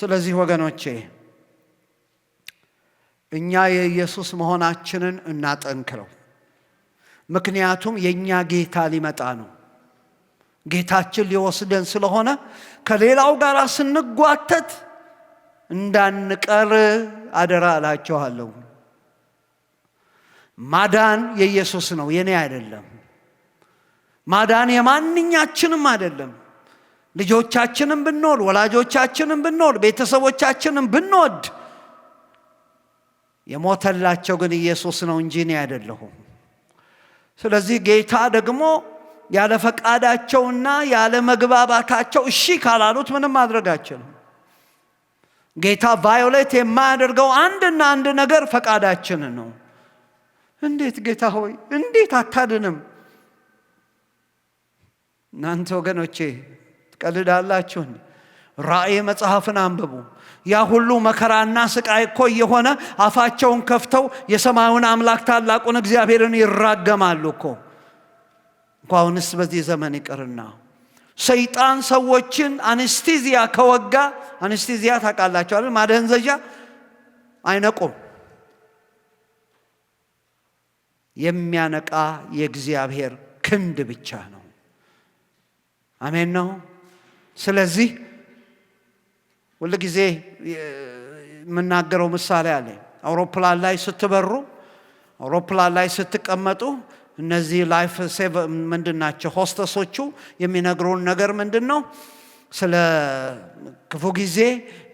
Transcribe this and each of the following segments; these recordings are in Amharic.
ስለዚህ ወገኖቼ እኛ የኢየሱስ መሆናችንን እናጠንክረው። ምክንያቱም የእኛ ጌታ ሊመጣ ነው። ጌታችን ሊወስደን ስለሆነ ከሌላው ጋር ስንጓተት እንዳንቀር አደራ እላችኋለሁ። ማዳን የኢየሱስ ነው፣ የኔ አይደለም። ማዳን የማንኛችንም አይደለም። ልጆቻችንም ብንወድ ወላጆቻችንም ብንወድ ቤተሰቦቻችንም ብንወድ የሞተላቸው ግን ኢየሱስ ነው እንጂ እኔ አይደለሁም። ስለዚህ ጌታ ደግሞ ያለ ፈቃዳቸውና ያለ መግባባታቸው እሺ ካላሉት ምንም ማድረጋችን ጌታ ቫዮሌት የማያደርገው አንድና አንድ ነገር ፈቃዳችን ነው። እንዴት ጌታ ሆይ እንዴት አታድንም? እናንተ ወገኖቼ ትቀልዳላችሁ። ራእይ መጽሐፍን አንብቡ። ያ ሁሉ መከራና ስቃይ እኮ እየሆነ አፋቸውን ከፍተው የሰማዩን አምላክ ታላቁን እግዚአብሔርን ይራገማሉ እኮ እንኳንስ በዚህ ዘመን ይቅርና ሰይጣን ሰዎችን አነስቴዚያ ከወጋ አነስቴዚያ ታውቃላችኋል፣ ማደንዘዣ አይነቁም። የሚያነቃ የእግዚአብሔር ክንድ ብቻ ነው። አሜን ነው። ስለዚህ ሁል ጊዜ የምናገረው ምሳሌ አለ። አውሮፕላን ላይ ስትበሩ፣ አውሮፕላን ላይ ስትቀመጡ እነዚህ ላይፍ ሴቭ ምንድን ናቸው? ሆስተሶቹ የሚነግሩን ነገር ምንድን ነው? ስለ ክፉ ጊዜ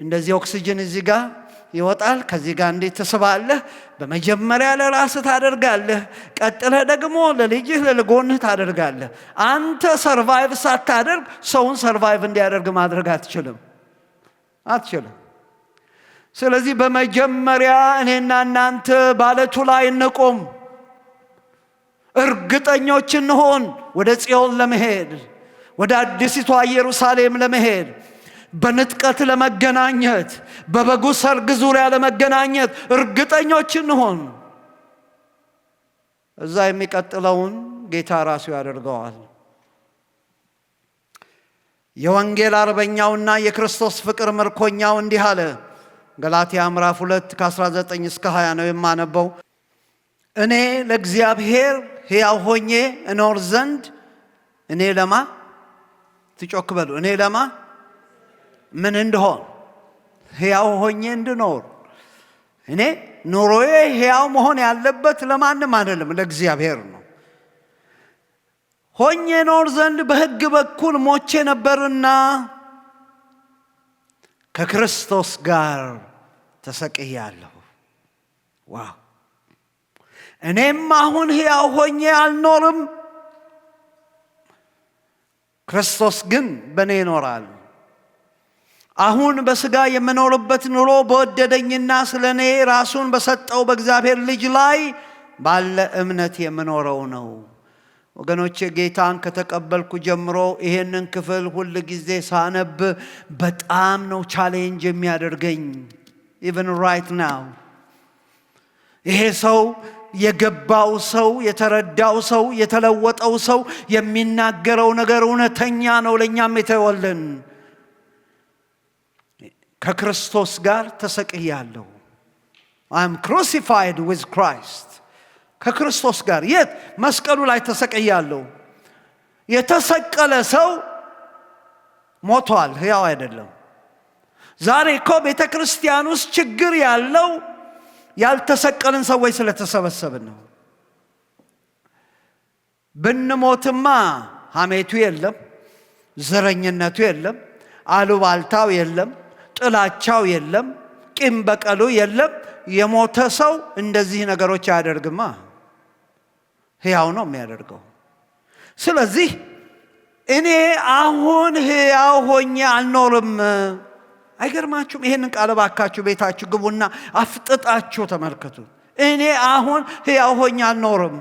እንደዚህ ኦክሲጅን እዚህ ጋር ይወጣል። ከዚህ ጋር እንዴት ትስባለህ? በመጀመሪያ ለራስህ ታደርጋለህ፣ ቀጥለህ ደግሞ ለልጅህ ለልጎንህ ታደርጋለህ። አንተ ሰርቫይቭ ሳታደርግ ሰውን ሰርቫይቭ እንዲያደርግ ማድረግ አትችልም አትችልም። ስለዚህ በመጀመሪያ እኔና እናንተ ባለቱ ላይ እንቆም፣ እርግጠኞች እንሆን ወደ ጽዮን ለመሄድ ወደ አዲሲቷ ኢየሩሳሌም ለመሄድ በንጥቀት ለመገናኘት በበጉ ሰርግ ዙሪያ ለመገናኘት እርግጠኞች እንሆን። እዛ የሚቀጥለውን ጌታ ራሱ ያደርገዋል። የወንጌል አርበኛውና የክርስቶስ ፍቅር ምርኮኛው እንዲህ አለ። ገላትያ ምዕራፍ 2 ከ19 እስከ 20 ነው የማነበው። እኔ ለእግዚአብሔር ሕያው ሆኜ እኖር ዘንድ እኔ ለማ ትጮክ በሉ እኔ ለማ ምን እንደሆን ሕያው ሆኜ እንድኖር እኔ ኑሮዬ ሕያው መሆን ያለበት ለማንም አይደለም፣ ለእግዚአብሔር ነው። ሆኜ ኖር ዘንድ በሕግ በኩል ሞቼ ነበርና ከክርስቶስ ጋር ተሰቅያለሁ። ዋ እኔም አሁን ሕያው ሆኜ አልኖርም፣ ክርስቶስ ግን በእኔ ይኖራል። አሁን በሥጋ የምኖርበት ኑሮ በወደደኝና ስለ እኔ ራሱን በሰጠው በእግዚአብሔር ልጅ ላይ ባለ እምነት የምኖረው ነው። ወገኖቼ ጌታን ከተቀበልኩ ጀምሮ ይሄንን ክፍል ሁል ጊዜ ሳነብ በጣም ነው ቻሌንጅ የሚያደርገኝ። ኢቨን ራይት ናው ይሄ ሰው የገባው ሰው የተረዳው ሰው የተለወጠው ሰው የሚናገረው ነገር እውነተኛ ነው። ለእኛም የተወልን ከክርስቶስ ጋር ተሰቅያለሁ። አም ክሩሲፋይድ ዊዝ ክራይስት ከክርስቶስ ጋር የት? መስቀሉ ላይ ተሰቅያለሁ። የተሰቀለ ሰው ሞቷል፣ ህያው አይደለም። ዛሬ እኮ ቤተ ክርስቲያን ውስጥ ችግር ያለው ያልተሰቀልን ሰዎች ስለተሰበሰብን ነው። ብንሞትማ ሐሜቱ የለም፣ ዘረኝነቱ የለም፣ አሉባልታው የለም ጥላቻው የለም፣ ቂም በቀሉ የለም። የሞተ ሰው እንደዚህ ነገሮች አያደርግማ፣ ሕያው ነው የሚያደርገው። ስለዚህ እኔ አሁን ሕያው ሆኜ አልኖርም። አይገርማችሁም? ይህንን ቃል ባካችሁ ቤታችሁ ግቡና አፍጥጣችሁ ተመልከቱ። እኔ አሁን ሕያው ሆኜ አልኖርም።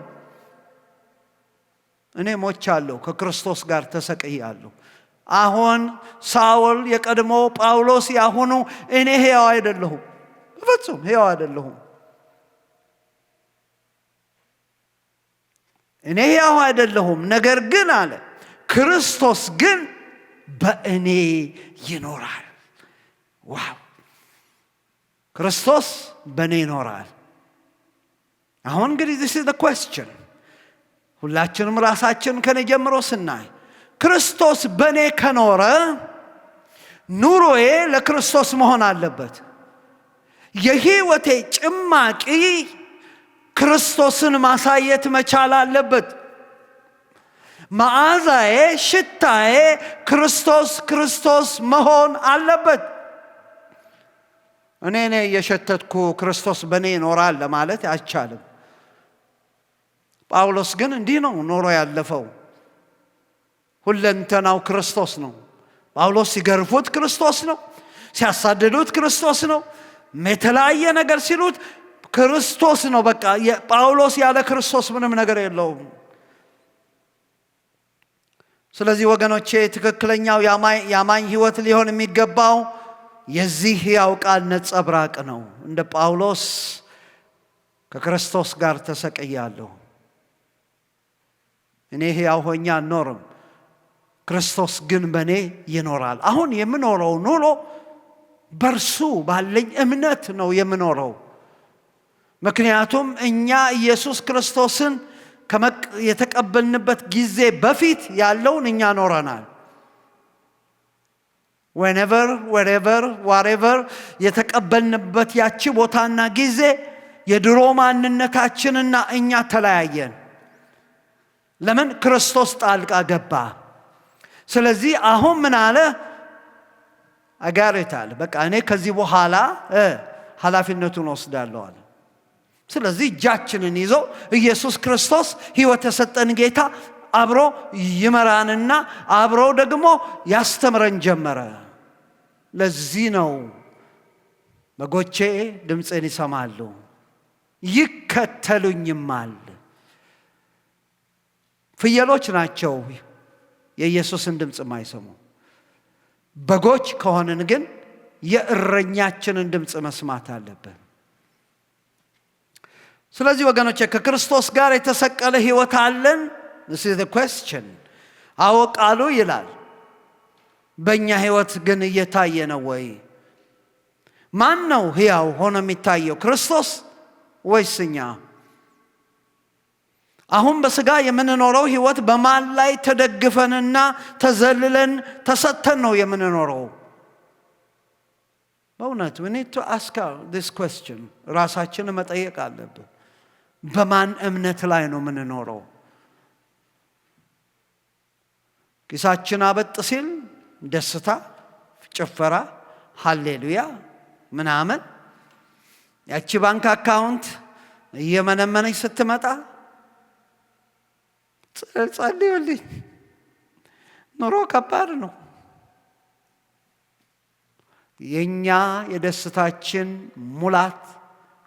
እኔ ሞቻለሁ፣ ከክርስቶስ ጋር ተሰቅያለሁ። አሁን ሳውል የቀድሞ ጳውሎስ ያሁኑ እኔ ሕያው አይደለሁም፣ በፍጹም ሕያው አይደለሁም። እኔ ሕያው አይደለሁም፣ ነገር ግን አለ ክርስቶስ ግን በእኔ ይኖራል። ዋው! ክርስቶስ በእኔ ይኖራል። አሁን እንግዲህ ዚስ ኢዝ ዘ ኩዌስችን ሁላችንም ራሳችን ከኔ ጀምሮ ስናይ ክርስቶስ በእኔ ከኖረ ኑሮዬ ለክርስቶስ መሆን አለበት። የህይወቴ ጭማቂ ክርስቶስን ማሳየት መቻል አለበት። መዓዛዬ፣ ሽታዬ ክርስቶስ ክርስቶስ መሆን አለበት። እኔ እኔ እየሸተትኩ ክርስቶስ በእኔ ይኖራል ለማለት አይቻልም። ጳውሎስ ግን እንዲህ ነው ኖሮ ያለፈው ሁለንተናው ክርስቶስ ነው። ጳውሎስ ሲገርፉት ክርስቶስ ነው፣ ሲያሳድዱት ክርስቶስ ነው፣ የተለያየ ነገር ሲሉት ክርስቶስ ነው። በቃ ጳውሎስ ያለ ክርስቶስ ምንም ነገር የለውም። ስለዚህ ወገኖቼ ትክክለኛው የአማኝ ሕይወት ሊሆን የሚገባው የዚህ ሕያው ቃል ነጸብራቅ ነው። እንደ ጳውሎስ ከክርስቶስ ጋር ተሰቅያለሁ። እኔ ሕያው ሆኜ አልኖርም ክርስቶስ ግን በእኔ ይኖራል። አሁን የምኖረው ኑሮ በእርሱ ባለኝ እምነት ነው የምኖረው። ምክንያቱም እኛ ኢየሱስ ክርስቶስን የተቀበልንበት ጊዜ በፊት ያለውን እኛ ኖረናል። ወኔቨር ወሬቨር ዋሬቨር የተቀበልንበት ያቺ ቦታና ጊዜ የድሮ ማንነታችንና እኛ ተለያየን። ለምን? ክርስቶስ ጣልቃ ገባ። ስለዚህ አሁን ምን አለ አጋሪታል በቃ እኔ ከዚህ በኋላ ኃላፊነቱን ወስዳለሁ አለ። ስለዚህ እጃችንን ይዞ ኢየሱስ ክርስቶስ ሕይወት የሰጠን ጌታ አብሮ ይመራንና አብሮ ደግሞ ያስተምረን ጀመረ። ለዚህ ነው በጎቼ ድምፅን ይሰማሉ ይከተሉኝማል። ፍየሎች ናቸው የኢየሱስን ድምፅ ማይሰሙ በጎች ከሆንን ግን የእረኛችንን ድምፅ መስማት አለብን። ስለዚህ ወገኖቼ ከክርስቶስ ጋር የተሰቀለ ህይወት አለን። ስስን አዎ ቃሉ ይላል። በእኛ ህይወት ግን እየታየ ነው ወይ? ማን ነው ህያው ሆኖ የሚታየው ክርስቶስ ወይስ እኛ? አሁን በስጋ የምንኖረው ህይወት በማን ላይ ተደግፈንና ተዘልለን ተሰጥተን ነው የምንኖረው? በእውነት ዊ ኒድ ቱ ask this question ራሳችን መጠየቅ አለብን። በማን እምነት ላይ ነው የምንኖረው? ኪሳችን አበጥ ሲል ደስታ፣ ጭፈራ፣ ሃሌሉያ ምናምን ያቺ ባንክ አካውንት እየመነመነች ስትመጣ ጸልዩልኝ። ኑሮ ከባድ ነው። የእኛ የደስታችን ሙላት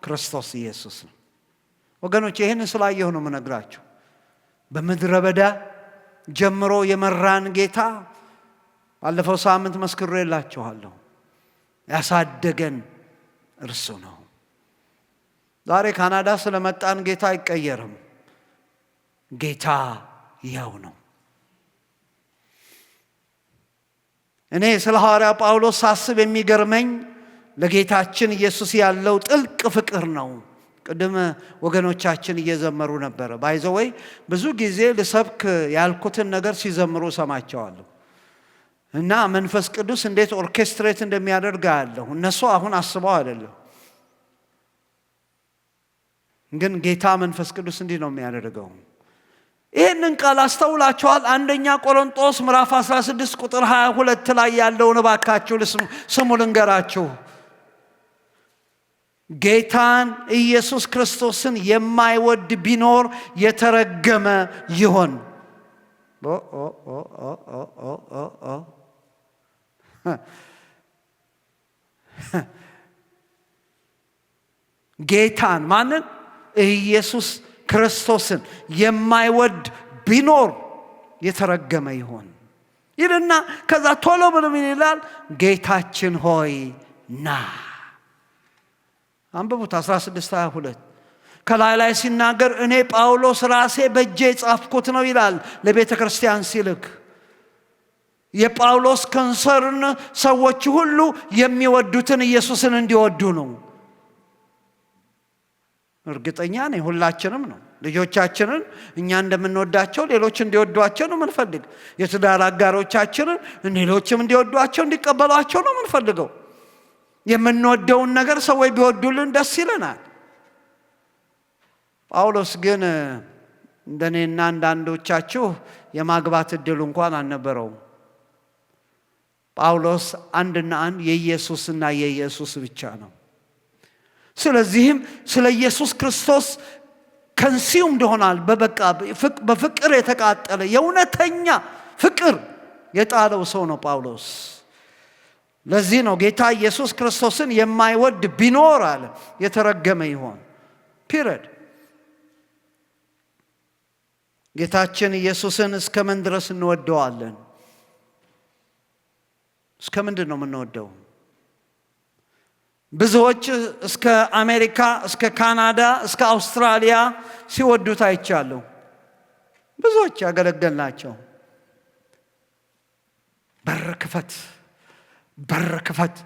ክርስቶስ ኢየሱስ ነው። ወገኖች ይህን ስላየሁ ነው የምነግራችሁ። በምድረ በዳ ጀምሮ የመራን ጌታ ባለፈው ሳምንት መስክሮ የላችኋለሁ። ያሳደገን እርሱ ነው። ዛሬ ካናዳ ስለመጣን ጌታ አይቀየርም። ጌታ ያው ነው። እኔ ስለ ሐዋርያ ጳውሎስ ሳስብ የሚገርመኝ ለጌታችን ኢየሱስ ያለው ጥልቅ ፍቅር ነው። ቅድም ወገኖቻችን እየዘመሩ ነበረ። ባይዘወይ ብዙ ጊዜ ልሰብክ ያልኩትን ነገር ሲዘምሩ ሰማቸዋለሁ እና መንፈስ ቅዱስ እንዴት ኦርኬስትሬት እንደሚያደርግ አያለሁ። እነሱ አሁን አስበው አይደለም፣ ግን ጌታ መንፈስ ቅዱስ እንዲህ ነው የሚያደርገው። ይህንን ቃል አስተውላችኋል? አንደኛ ቆሮንጦስ ምዕራፍ 16 ቁጥር 22 ላይ ያለውን እባካችሁ ስሙ ልንገራችሁ። ጌታን ኢየሱስ ክርስቶስን የማይወድ ቢኖር የተረገመ ይሆን። ጌታን ማንን? ኢየሱስ ክርስቶስን የማይወድ ቢኖር የተረገመ ይሆን ይልና ከዛ ቶሎ ብሎ ምን ይላል? ጌታችን ሆይ ና። አንብቡት 16 22 ከላይ ላይ ሲናገር እኔ ጳውሎስ ራሴ በእጄ የጻፍኩት ነው ይላል። ለቤተ ክርስቲያን ሲልክ የጳውሎስ ከንሰርን ሰዎች ሁሉ የሚወዱትን ኢየሱስን እንዲወዱ ነው። እርግጠኛ ነኝ ሁላችንም ነው። ልጆቻችንን እኛ እንደምንወዳቸው ሌሎች እንዲወዷቸው ነው የምንፈልግ። የትዳር አጋሮቻችንን ሌሎችም እንዲወዷቸው እንዲቀበሏቸው ነው የምንፈልገው። የምንወደውን ነገር ሰዎች ቢወዱልን ደስ ይለናል። ጳውሎስ ግን እንደኔና አንዳንዶቻችሁ የማግባት እድሉ እንኳን አልነበረውም። ጳውሎስ አንድና አንድ የኢየሱስና የኢየሱስ ብቻ ነው። ስለዚህም ስለ ኢየሱስ ክርስቶስ ከንሲውም እንደሆናል በበቃ በፍቅር የተቃጠለ የእውነተኛ ፍቅር የጣለው ሰው ነው ጳውሎስ። ለዚህ ነው ጌታ ኢየሱስ ክርስቶስን የማይወድ ቢኖር አለ የተረገመ ይሆን። ፒረድ ጌታችን ኢየሱስን እስከ ምን ድረስ እንወደዋለን? እስከ ምንድን ነው የምንወደው? ብዙዎች እስከ አሜሪካ፣ እስከ ካናዳ፣ እስከ አውስትራሊያ ሲወዱት አይቻለሁ። ብዙዎች ያገለገልናቸው። በር ክፈት፣ በር ክፈት።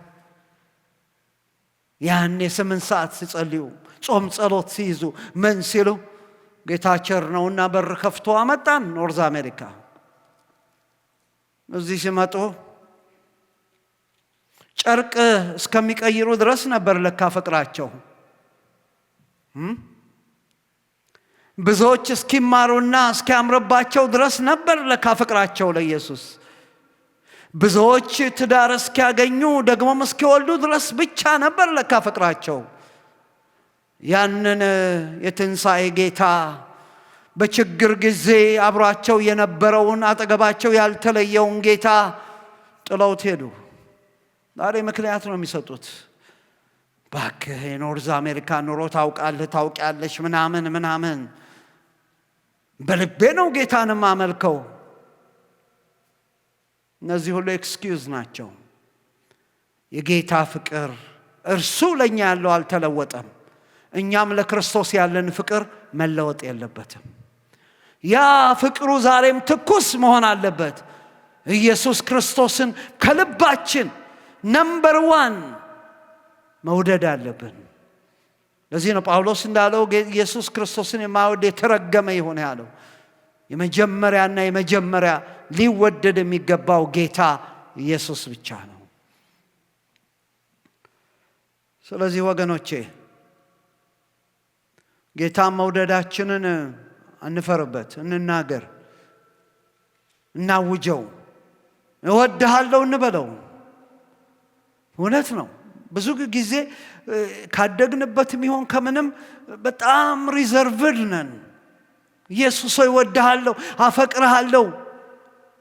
ያኔ ስምንት ሰዓት ሲጸልዩ ጾም ጸሎት ሲይዙ ምን ሲሉ ጌታ ቸር ነውና በር ከፍቶ አመጣን ኖርዝ አሜሪካ። እዚህ ሲመጡ ጨርቅ እስከሚቀይሩ ድረስ ነበር ለካ ፍቅራቸው። ብዙዎች እስኪማሩና እስኪያምርባቸው ድረስ ነበር ለካ ፍቅራቸው ለኢየሱስ። ብዙዎች ትዳር እስኪያገኙ ደግሞም እስኪወልዱ ድረስ ብቻ ነበር ለካ ፍቅራቸው። ያንን የትንሣኤ ጌታ በችግር ጊዜ አብሯቸው የነበረውን አጠገባቸው ያልተለየውን ጌታ ጥለውት ሄዱ። ዛሬ ምክንያት ነው የሚሰጡት። ባክህ የኖርዝ አሜሪካ ኑሮ ታውቃለህ፣ ታውቂያለሽ፣ ምናምን ምናምን። በልቤ ነው ጌታን ማመልከው። እነዚህ ሁሉ ኤክስኪዩዝ ናቸው። የጌታ ፍቅር እርሱ ለእኛ ያለው አልተለወጠም። እኛም ለክርስቶስ ያለን ፍቅር መለወጥ የለበትም። ያ ፍቅሩ ዛሬም ትኩስ መሆን አለበት። ኢየሱስ ክርስቶስን ከልባችን ነምበር ዋን መውደድ አለብን። ለዚህ ነው ጳውሎስ እንዳለው ኢየሱስ ክርስቶስን የማይወድ የተረገመ ይሆን ያለው። የመጀመሪያና የመጀመሪያ ሊወደድ የሚገባው ጌታ ኢየሱስ ብቻ ነው። ስለዚህ ወገኖቼ ጌታን መውደዳችንን እንፈርበት እንናገር፣ እናውጀው። እወድሃለሁ እንበለው። እውነት ነው። ብዙ ጊዜ ካደግንበት የሚሆን ከምንም በጣም ሪዘርቭድ ነን። ኢየሱስ ሆይ ወድሃለሁ፣ አፈቅርሃለሁ።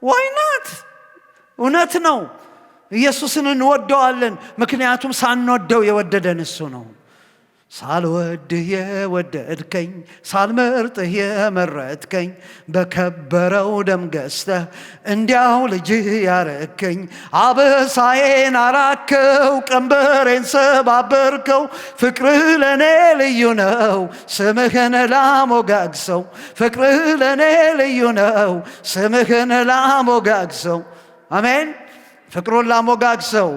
ዋይናት እውነት ነው። ኢየሱስን እንወደዋለን፣ ምክንያቱም ሳንወደው የወደደን እሱ ነው። ሳልወድህ የወደድከኝ ሳልመርጥህ የመረጥከኝ በከበረው ደም ገዝተህ እንዲያው ልጅህ ያረከኝ አበሳዬን አራከው ቀንበሬን ሰባበርከው ፍቅርህ ለእኔ ልዩ ነው ስምህን ላሞጋግሰው ፍቅርህ ለእኔ ልዩ ነው ስምህን ላሞጋግሰው አሜን ፍቅሩን ላሞጋግሰው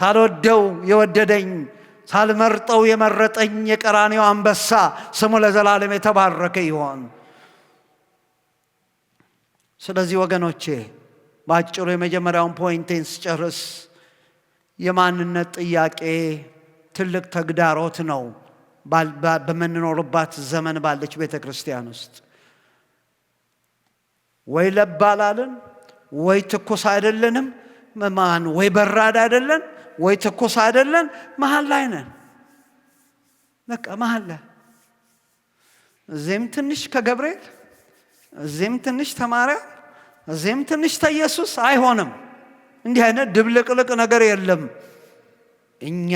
ሳልወደው የወደደኝ ሳልመርጠው የመረጠኝ የቀራኔው አንበሳ ስሙ ለዘላለም የተባረከ ይሆን። ስለዚህ ወገኖቼ በአጭሩ የመጀመሪያውን ፖይንቴን ስጨርስ የማንነት ጥያቄ ትልቅ ተግዳሮት ነው በምንኖርባት ዘመን ባለች ቤተ ክርስቲያን ውስጥ ወይ ለባላልን ወይ ትኩስ አይደለንም ማን ወይ በራድ አይደለን ወይ ትኩስ አይደለን፣ መሀል ላይ ነን። በቃ መሀል ላይ እዚህም ትንሽ ከገብርኤል እዚህም ትንሽ ተማርያም እዚህም ትንሽ ተኢየሱስ አይሆንም። እንዲህ አይነት ድብልቅልቅ ነገር የለም። እኛ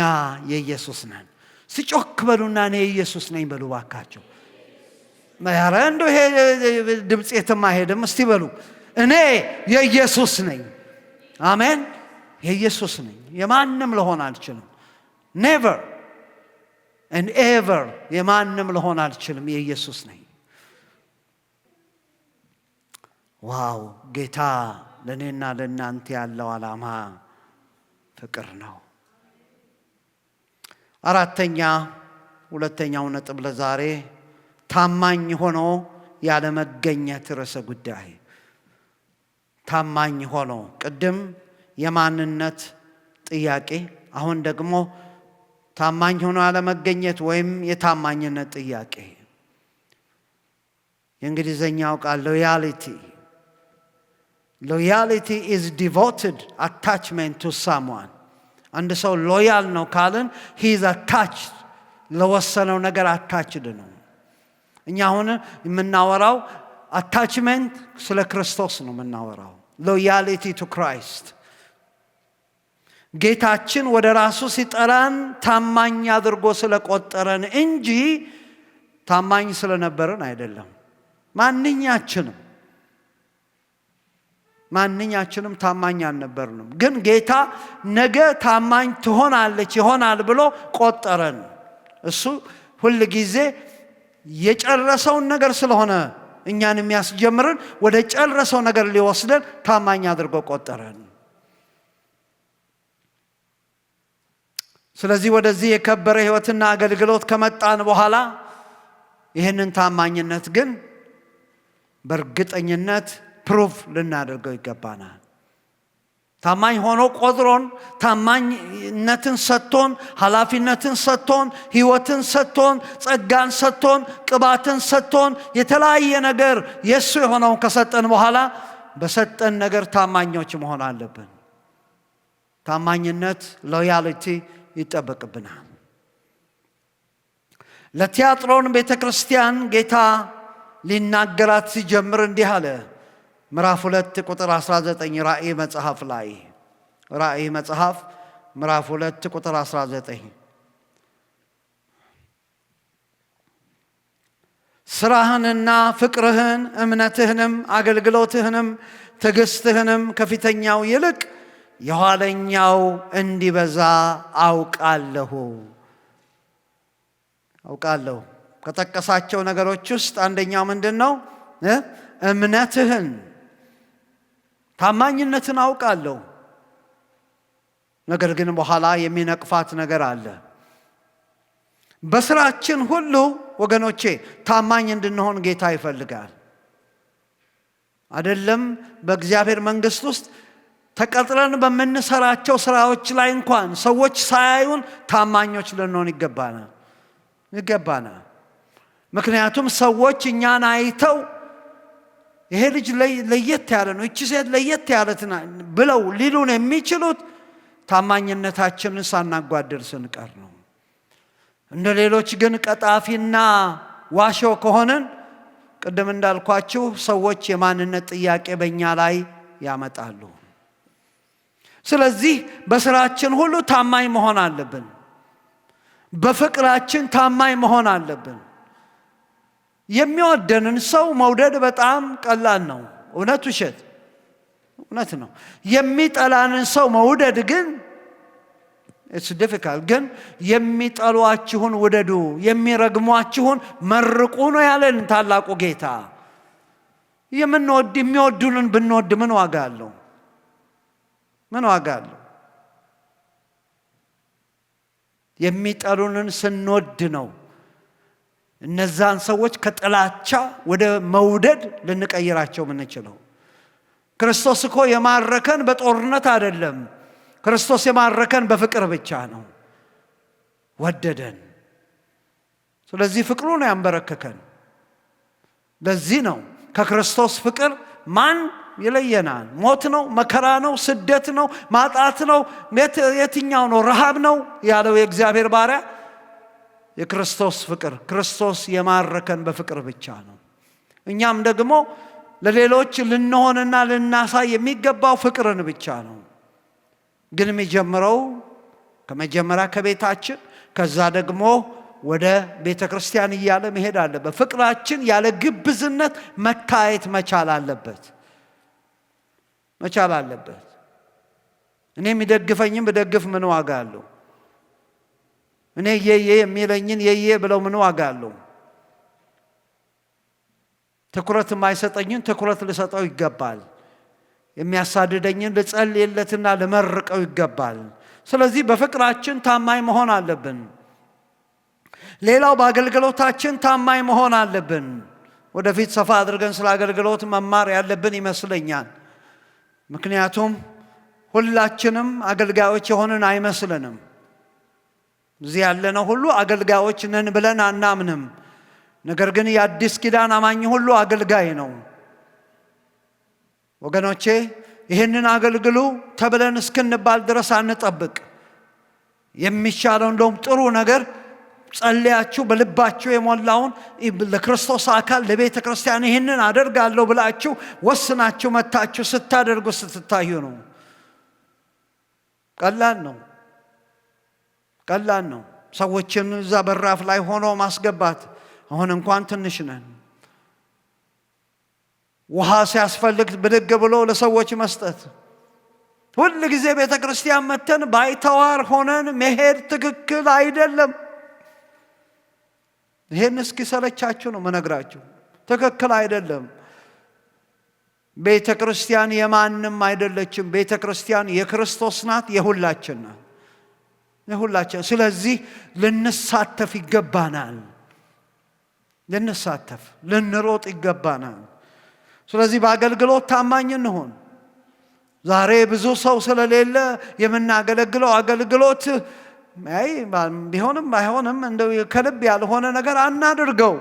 የኢየሱስ ነን። ስጮክ በሉና እኔ የኢየሱስ ነኝ በሉ ባካቸው። ያረ እንዶ ይሄ የትም አይሄድም። እስቲ በሉ እኔ የኢየሱስ ነኝ። አሜን የኢየሱስ ነኝ፣ የማንም ልሆን አልችልም። ኔቨር ን ኤቨር የማንም ልሆን አልችልም፣ የኢየሱስ ነኝ። ዋው! ጌታ ለእኔና ለእናንተ ያለው ዓላማ ፍቅር ነው። አራተኛ ሁለተኛው ነጥብ ለዛሬ ታማኝ ሆኖ ያለመገኘት ርዕሰ ጉዳይ ታማኝ ሆኖ ቅድም የማንነት ጥያቄ፣ አሁን ደግሞ ታማኝ ሆኖ አለመገኘት ወይም የታማኝነት ጥያቄ። የእንግሊዝኛው ቃል ሎያሊቲ ሎያሊቲ ኢዝ ዲቮትድ አታችመንት ቱ ሳምዋን። አንድ ሰው ሎያል ነው ካልን ሂዝ አታች ለወሰነው ነገር አታችድ ነው። እኛ አሁን የምናወራው አታችመንት ስለ ክርስቶስ ነው የምናወራው ሎያሊቲ ቱ ክራይስት ጌታችን ወደ ራሱ ሲጠራን ታማኝ አድርጎ ስለቆጠረን እንጂ ታማኝ ስለነበረን አይደለም። ማንኛችንም ማንኛችንም ታማኝ አልነበርንም። ግን ጌታ ነገ ታማኝ ትሆናለች ይሆናል ብሎ ቆጠረን። እሱ ሁል ጊዜ የጨረሰውን ነገር ስለሆነ እኛን የሚያስጀምርን ወደ ጨረሰው ነገር ሊወስደን ታማኝ አድርጎ ቆጠረን። ስለዚህ ወደዚህ የከበረ ህይወትና አገልግሎት ከመጣን በኋላ ይህንን ታማኝነት ግን በእርግጠኝነት ፕሩፍ ልናደርገው ይገባናል። ታማኝ ሆኖ ቆጥሮን ታማኝነትን ሰጥቶን ኃላፊነትን ሰጥቶን ህይወትን ሰጥቶን ጸጋን ሰጥቶን ቅባትን ሰጥቶን የተለያየ ነገር የእሱ የሆነውን ከሰጠን በኋላ በሰጠን ነገር ታማኞች መሆን አለብን። ታማኝነት ሎያልቲ ይጠበቅብናል። ለቲያጥሮን ቤተ ክርስቲያን ጌታ ሊናገራት ሲጀምር እንዲህ አለ። ምዕራፍ ሁለት ቁጥር 19 ራእይ መጽሐፍ ላይ ራእይ መጽሐፍ ምዕራፍ ሁለት ቁጥር 19 ስራህንና ፍቅርህን እምነትህንም አገልግሎትህንም ትዕግስትህንም ከፊተኛው ይልቅ የኋለኛው እንዲበዛ አውቃለሁ አውቃለሁ። ከጠቀሳቸው ነገሮች ውስጥ አንደኛው ምንድን ነው? እምነትህን ታማኝነትን አውቃለሁ። ነገር ግን በኋላ የሚነቅፋት ነገር አለ። በስራችን ሁሉ ወገኖቼ ታማኝ እንድንሆን ጌታ ይፈልጋል። አይደለም በእግዚአብሔር መንግሥት ውስጥ ተቀጥረን በምንሰራቸው ስራዎች ላይ እንኳን ሰዎች ሳያዩን ታማኞች ልንሆን ይገባናል ይገባናል። ምክንያቱም ሰዎች እኛን አይተው ይሄ ልጅ ለየት ያለ ነው፣ እቺ ሴት ለየት ያለት ብለው ሊሉን የሚችሉት ታማኝነታችንን ሳናጓድር ስንቀር ነው። እንደ ሌሎች ግን ቀጣፊና ዋሾ ከሆንን ቅድም እንዳልኳችሁ ሰዎች የማንነት ጥያቄ በእኛ ላይ ያመጣሉ። ስለዚህ በስራችን ሁሉ ታማኝ መሆን አለብን። በፍቅራችን ታማኝ መሆን አለብን። የሚወደንን ሰው መውደድ በጣም ቀላል ነው። እውነት ውሸት እውነት ነው። የሚጠላንን ሰው መውደድ ግን ኢትስ ዲፊካል ግን የሚጠሏችሁን ውደዱ፣ የሚረግሟችሁን መርቁ ነው ያለን ታላቁ ጌታ። የምንወድ የሚወዱንን ብንወድ ምን ዋጋ አለው? ምን ዋጋ አለው? የሚጠሉንን ስንወድ ነው እነዛን ሰዎች ከጥላቻ ወደ መውደድ ልንቀይራቸው የምንችለው። ክርስቶስ እኮ የማረከን በጦርነት አይደለም። ክርስቶስ የማረከን በፍቅር ብቻ ነው። ወደደን። ስለዚህ ፍቅሩ ነው ያንበረከከን። ለዚህ ነው ከክርስቶስ ፍቅር ማን ይለየናል? ሞት ነው? መከራ ነው? ስደት ነው? ማጣት ነው? የትኛው ነው? ረሃብ ነው ያለው የእግዚአብሔር ባሪያ። የክርስቶስ ፍቅር፣ ክርስቶስ የማረከን በፍቅር ብቻ ነው። እኛም ደግሞ ለሌሎች ልንሆንና ልናሳይ የሚገባው ፍቅርን ብቻ ነው። ግን የሚጀምረው ከመጀመሪያ ከቤታችን ከዛ ደግሞ ወደ ቤተ ክርስቲያን እያለ መሄድ አለበት። ፍቅራችን ያለ ግብዝነት መታየት መቻል አለበት መቻል አለበት። እኔ የሚደግፈኝም ብደግፍ ምን ዋጋ አለው? እኔ የየ የሚለኝን የየ ብለው ምን ዋጋ አለው? ትኩረት የማይሰጠኝን ትኩረት ልሰጠው ይገባል። የሚያሳድደኝን ልጸልይለትና ልመርቀው ይገባል። ስለዚህ በፍቅራችን ታማኝ መሆን አለብን። ሌላው በአገልግሎታችን ታማኝ መሆን አለብን። ወደፊት ሰፋ አድርገን ስለ አገልግሎት መማር ያለብን ይመስለኛል። ምክንያቱም ሁላችንም አገልጋዮች የሆንን አይመስልንም። እዚህ ያለነው ሁሉ አገልጋዮች ነን ብለን አናምንም። ነገር ግን የአዲስ ኪዳን አማኝ ሁሉ አገልጋይ ነው። ወገኖቼ ይህንን አገልግሉ ተብለን እስክንባል ድረስ አንጠብቅ። የሚሻለው እንደውም ጥሩ ነገር ጸልያችሁ በልባችሁ የሞላውን ለክርስቶስ አካል ለቤተ ክርስቲያን ይህንን አደርጋለሁ ብላችሁ ወስናችሁ መታችሁ ስታደርጉ ስትታዩ ነው። ቀላል ነው፣ ቀላል ነው። ሰዎችን እዛ በራፍ ላይ ሆኖ ማስገባት አሁን እንኳን ትንሽ ነን። ውሃ ሲያስፈልግ ብድግ ብሎ ለሰዎች መስጠት ሁል ጊዜ ቤተ ክርስቲያን መተን ባይተዋር ሆነን መሄድ ትክክል አይደለም። ይህን እስኪሰለቻችሁ ነው መነግራችሁ። ትክክል አይደለም። ቤተ ክርስቲያን የማንም አይደለችም። ቤተ ክርስቲያን የክርስቶስ ናት፣ የሁላችን ናት፣ የሁላችን። ስለዚህ ልንሳተፍ ይገባናል። ልንሳተፍ ልንሮጥ ይገባናል። ስለዚህ በአገልግሎት ታማኝ እንሆን። ዛሬ ብዙ ሰው ስለሌለ የምናገለግለው አገልግሎት አይ ቢሆንም ባይሆንም እንደ ከልብ ያልሆነ ነገር አናድርገው።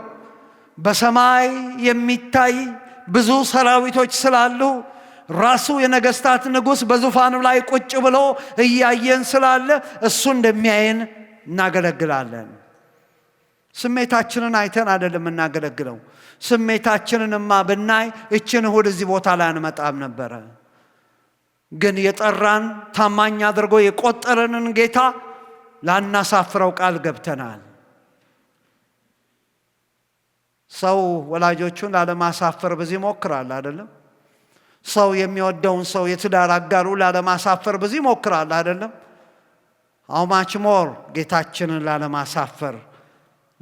በሰማይ የሚታይ ብዙ ሰራዊቶች ስላሉ ራሱ የነገስታት ንጉሥ በዙፋኑ ላይ ቁጭ ብሎ እያየን ስላለ እሱ እንደሚያየን እናገለግላለን። ስሜታችንን አይተን አይደለም እናገለግለው። ስሜታችንንማ ብናይ እችን እሁድ እዚህ ቦታ ላይ አንመጣም ነበረ። ግን የጠራን ታማኝ አድርጎ የቆጠረንን ጌታ ላናሳፍረው ቃል ገብተናል። ሰው ወላጆቹን ላለማሳፈር ብዙ ይሞክራል አይደለም? ሰው የሚወደውን ሰው የትዳር አጋሩ ላለማሳፈር ብዙ ይሞክራል አይደለም? አውማች ሞር ጌታችንን ላለማሳፈር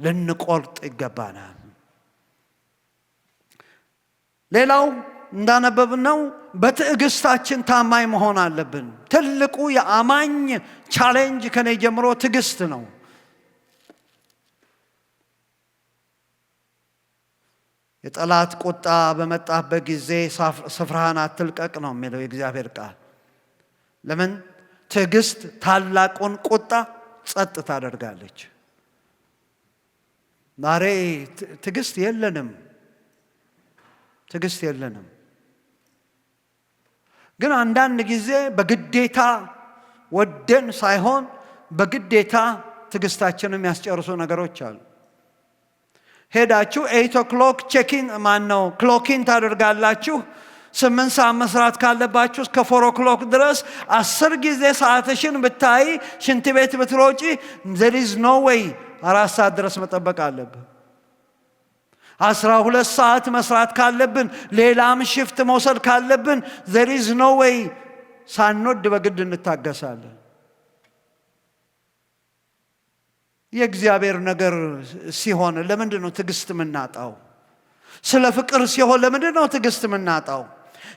ልንቆርጥ ይገባናል። ሌላው እንዳነበብነው በትዕግስታችን ታማኝ መሆን አለብን። ትልቁ የአማኝ ቻሌንጅ ከኔ ጀምሮ ትዕግስት ነው። የጠላት ቁጣ በመጣበት ጊዜ ስፍራህን አትልቀቅ ነው የሚለው የእግዚአብሔር ቃል። ለምን ትዕግስት ታላቁን ቁጣ ጸጥ ታደርጋለች። ዛሬ ትዕግስት የለንም። ትዕግስት የለንም። ግን አንዳንድ ጊዜ በግዴታ ወደን ሳይሆን በግዴታ ትግስታችንም የሚያስጨርሱ ነገሮች አሉ። ሄዳችሁ ኤይት ኦክሎክ ቼኪን ማን ነው ክሎኪን ታደርጋላችሁ። ስምንት ሰዓት መስራት ካለባችሁ እስከ ፎር ኦክሎክ ድረስ አስር ጊዜ ሰዓትሽን ብታይ ሽንት ቤት ብትሮጪ ዘሪዝ ኖ ወይ አራት ሰዓት ድረስ መጠበቅ አለብህ። አስራ ሁለት ሰዓት መስራት ካለብን ሌላም ሽፍት መውሰድ ካለብን ዘሪዝ ኖ ወይ ሳንወድ በግድ እንታገሳለን። የእግዚአብሔር ነገር ሲሆን ለምንድን ነው ትዕግስት የምናጣው? ስለ ፍቅር ሲሆን ለምንድን ነው ትዕግስት የምናጣው?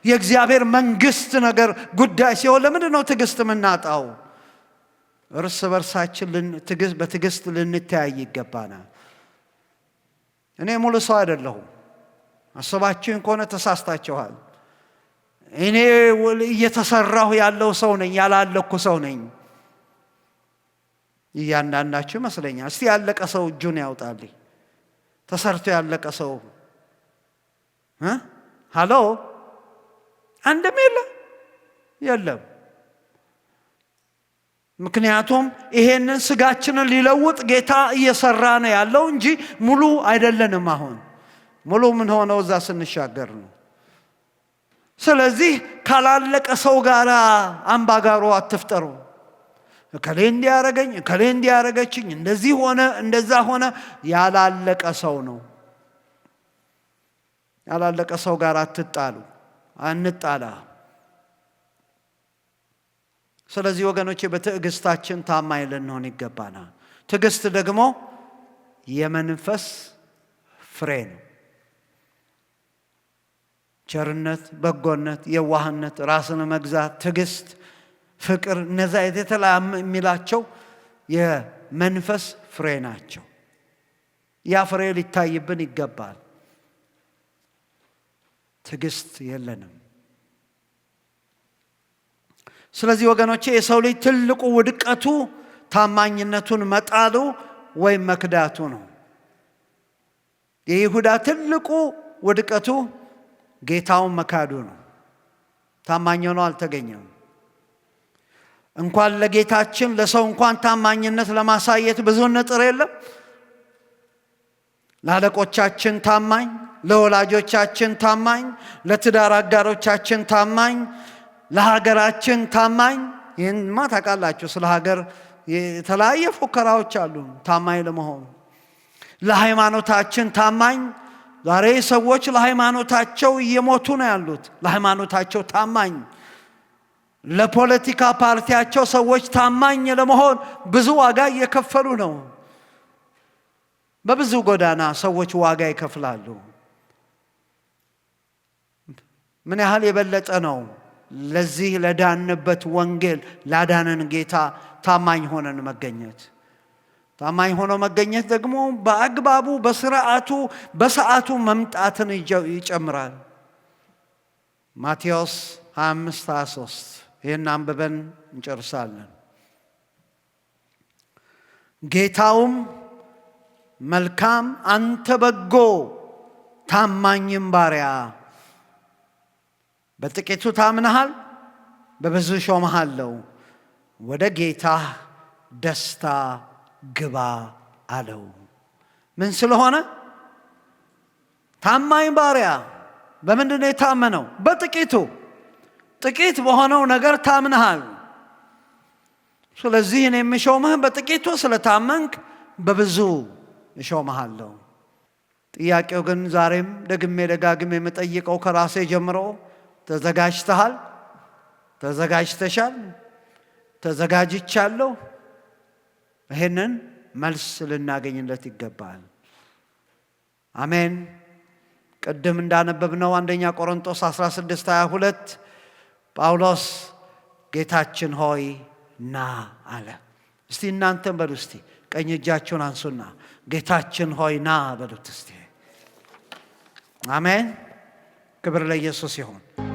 የእግዚአብሔር መንግስት ነገር ጉዳይ ሲሆን ለምንድን ነው ትዕግስት የምናጣው? እርስ በርሳችን በትዕግስት ልንተያይ ይገባናል። እኔ ሙሉ ሰው አይደለሁም። አስባችሁኝ ከሆነ ተሳስታችኋል። እኔ እየተሰራሁ ያለው ሰው ነኝ፣ ያላለኩ ሰው ነኝ። እያንዳንዳችሁ ይመስለኛል። እስቲ ያለቀ ሰው እጁን ያውጣልኝ። ተሰርቶ ያለቀ ሰው ሀሎ አንድም የለ የለም ምክንያቱም ይሄንን ስጋችንን ሊለውጥ ጌታ እየሰራ ነው ያለው እንጂ ሙሉ አይደለንም። አሁን ሙሉ ምን ሆነው እዛ ስንሻገር ነው። ስለዚህ ካላለቀ ሰው ጋር አምባጋሮ አትፍጠሩ። እከሌ እንዲያረገኝ እከሌ እንዲያረገችኝ እንደዚህ ሆነ እንደዛ ሆነ፣ ያላለቀ ሰው ነው። ያላለቀ ሰው ጋር አትጣሉ፣ አንጣላ ስለዚህ ወገኖች በትዕግስታችን ታማኝ ልንሆን ይገባናል። ትዕግስት ደግሞ የመንፈስ ፍሬ ነው። ቸርነት፣ በጎነት፣ የዋህነት፣ ራስን መግዛት፣ ትዕግስት፣ ፍቅር እነዛ የተለያ የሚላቸው የመንፈስ ፍሬ ናቸው። ያ ፍሬ ሊታይብን ይገባል። ትዕግስት የለንም። ስለዚህ ወገኖቼ የሰው ልጅ ትልቁ ውድቀቱ ታማኝነቱን መጣሉ ወይም መክዳቱ ነው። የይሁዳ ትልቁ ውድቀቱ ጌታውን መካዱ ነው። ታማኝ ሆኖ አልተገኘም። እንኳን ለጌታችን ለሰው እንኳን ታማኝነት ለማሳየት ብዙ ንጥር የለም። ለአለቆቻችን ታማኝ፣ ለወላጆቻችን ታማኝ፣ ለትዳር አጋሮቻችን ታማኝ ለሀገራችን ታማኝ ይህንማ ታውቃላችሁ። ስለ ሀገር የተለያየ ፉከራዎች አሉ። ታማኝ ለመሆኑ ለሃይማኖታችን ታማኝ ዛሬ ሰዎች ለሃይማኖታቸው እየሞቱ ነው ያሉት። ለሃይማኖታቸው ታማኝ፣ ለፖለቲካ ፓርቲያቸው ሰዎች ታማኝ ለመሆን ብዙ ዋጋ እየከፈሉ ነው። በብዙ ጎዳና ሰዎች ዋጋ ይከፍላሉ። ምን ያህል የበለጠ ነው? ለዚህ ለዳንበት ወንጌል ላዳነን ጌታ ታማኝ ሆነን መገኘት ታማኝ ሆኖ መገኘት ደግሞ በአግባቡ በስርዓቱ በሰዓቱ መምጣትን ይጨምራል። ማቴዎስ 25 23 ይህን አንብበን እንጨርሳለን። ጌታውም መልካም አንተ በጎ ታማኝም ባሪያ በጥቂቱ ታምነሃል፣ በብዙ ሾመሃለው፣ ወደ ጌታህ ደስታ ግባ አለው። ምን ስለሆነ? ታማኝ ባሪያ በምንድን ነው የታመነው? በጥቂቱ ጥቂት በሆነው ነገር ታምነሃል። ስለዚህ እኔ የምሾምህ በጥቂቱ ስለታመንክ በብዙ እሾምሃለሁ። ጥያቄው ግን ዛሬም ደግሜ ደጋግሜ የምጠይቀው ከራሴ ጀምሮ ተዘጋጅተሃል? ተዘጋጅተሻል? ተዘጋጅቻለሁ? ይህንን መልስ ልናገኝለት ይገባል። አሜን። ቅድም እንዳነበብነው አንደኛ ቆሮንቶስ 16 22 ጳውሎስ ጌታችን ሆይ ና አለ። እስቲ እናንተን በሉ እስቲ ቀኝ እጃችሁን አንሱና ጌታችን ሆይ ና በሉት እስቲ። አሜን። ክብር ለኢየሱስ ይሁን።